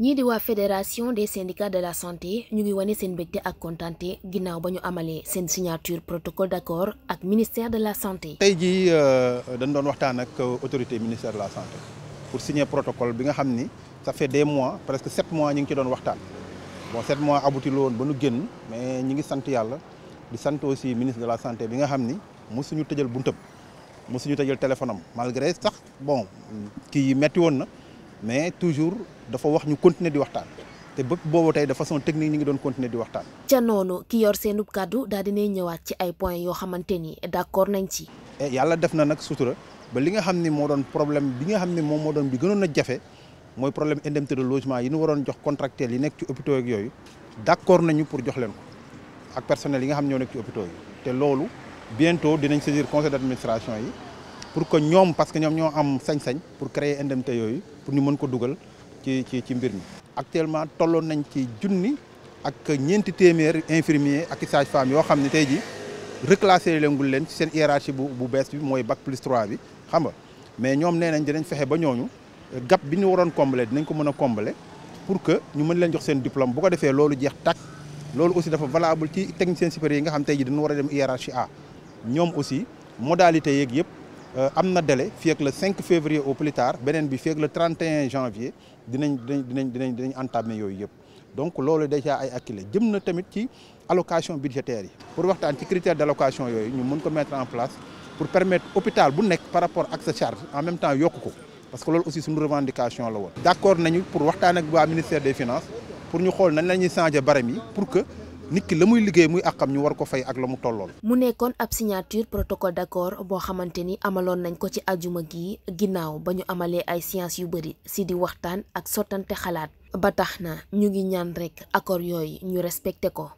ñii di waa fédération des syndicats de la santé ñu ngi wone seen mbégte ak kontante ginnaaw ba ñu amalee seen signature protocole d'accord ak ministère de la santé. tey jii euh, dañ doon waxtaan ak euh, autorité ministère de la santé pour signer protocole bi nga xam ni ça fait des mois presque sept mois ñu ngi ci doon waxtaan bon sept mois aboutil woon ba nu génn mais ñu ngi sant yàlla di sant aussi ministre de la santé bi nga xam ni suñu tëjal buntam. mosuñu suñu téléphone am malgré sax bon kii yi metti woon na mais toujours dafa wax ñu continuer di waxtaan te bëpp boobu tey de façon technique ñi ngi doon continuer di waxtaan. ca noonu ki yor seenub kàddu daal dinay ñëwaat ci ay points yoo xamante ni d'accord nañ ci. Eh, yàlla def na nag sutura ba li nga xam ni moo doon problème bi nga xam ni moom moo doon bi gënoon a jafe mooy problème indemnité logement yi nu waroon jox contractuels yi nekk ci hôpitaux ak yooyu d'accord nañu pour jox leen ko ak personnel yi nga xam ñoo nekk ci yi te bientôt dinañ saisir conseil d'administration yi pour que ñoom parce que ñoom ñoo am sañ-sañ pour créer indemnité yooyu pour ñu mën ko dugal ci ci ci mbir mi. actuellement tolloon nañ ci junni ak ñeenti téeméer infirmier ak i sage-femme yoo xam ne tey jii reclassé leengul leen ci seen hiérarchie bu bu bees bi mooy bac plus 3 bi xam nga mais ñoom nee nañ dinañ fexe ba ñooñu gap bi ñu waroon combler dinañ ko mën a combler pour que ñu mën leen jox seen diplôme bu ko defee loolu jeex tàkk loolu aussi dafa valable ci technicien supérieur yi nga xam tey jii dañu war dem hiérarchie A. ñoom aussi modalité yeeg yëpp euh, am na délai fii ak le 5 février au plus tard beneen bi fii ak le 31 janvier dina dinañ dinañ dinañ entamer yooyu yëpp donc loolu déjà ay acquis la jëm na tamit ci allocation budgétaire yi pour waxtaan ci critère d' allocation yooyu ñu mun ko mettre en place pour permettre hôpital bu nekk par rapport ak sa charge en même temps yokk ko parce que loolu aussi suñu revendication la woon d' nañu pour waxtaan ak waa ministère des finances pour ñu xool nañ la ñuy changer pour que nit la muy liggéey muy àqam ñu war ko fay ak la mu tollool mu nekkoon ab signature protocole d'accord boo xamante ni amaloon nañ ko ci ajuma gi ginnaaw ba ñu amalee ay science yu bëri si di waxtaan ak sottante xalaat ba tax na ñu ngi ñaan rekk accord yooyu ñu respecté ko